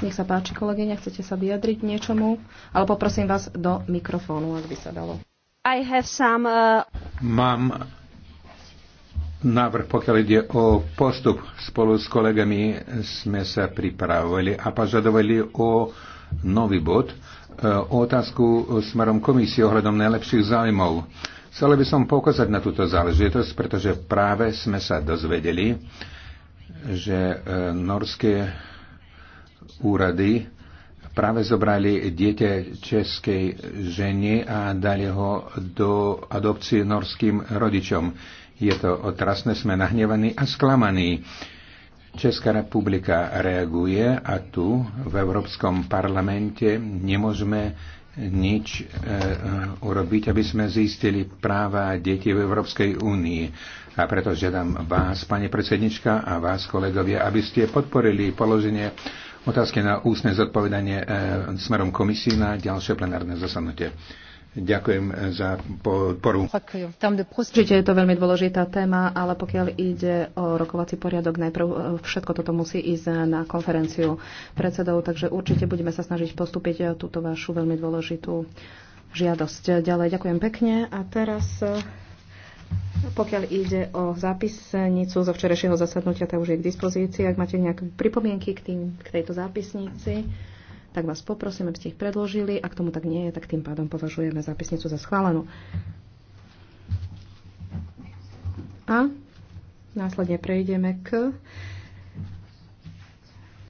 Nech sa páči, kolegyňa, chcete sa vyjadriť niečomu? Ale poprosím vás do mikrofónu, ak by sa dalo. I have some, uh... Mám návrh, pokiaľ ide o postup. Spolu s kolegami sme sa pripravili a požadovali o nový bod, e, o otázku smerom komisie ohľadom najlepších zájmov Chcel by som poukázať na túto záležitosť, pretože práve sme sa dozvedeli, že e, norské úrady práve zobrali dieťa českej ženy a dali ho do adopcie norským rodičom. Je to otrasné, sme nahnevaní a sklamaní. Česká republika reaguje a tu v Európskom parlamente nemôžeme nič e, e, urobiť, aby sme zistili práva detí v Európskej únii. A preto žiadam vás, pani predsednička, a vás, kolegovia, aby ste podporili položenie otázky na ústne zodpovedanie e, smerom komisii na ďalšie plenárne zasadnutie. Ďakujem eh, za podporu. Určite je to veľmi dôležitá téma, ale pokiaľ ide o rokovací poriadok, najprv eh, všetko toto musí ísť na konferenciu predsedov, takže určite budeme sa snažiť postúpiť eh, túto vašu veľmi dôležitú žiadosť. Ďalej ďakujem pekne a teraz pokiaľ ide o zápisnicu zo včerajšieho zasadnutia, tá už je k dispozícii. Ak máte nejaké pripomienky k, tým, k tejto zápisnici, tak vás poprosím, aby ste ich predložili. Ak tomu tak nie je, tak tým pádom považujeme zápisnicu za schválenú. A následne prejdeme k